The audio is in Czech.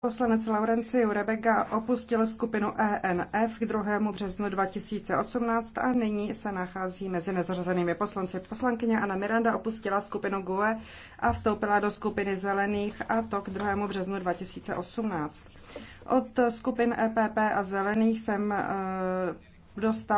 Poslanec Laurenciu Rebega opustil skupinu ENF k 2. březnu 2018 a nyní se nachází mezi nezařazenými poslanci. Poslankyně Ana Miranda opustila skupinu GUE a vstoupila do skupiny Zelených a to k 2. březnu 2018. Od skupin EPP a Zelených jsem eh, dostal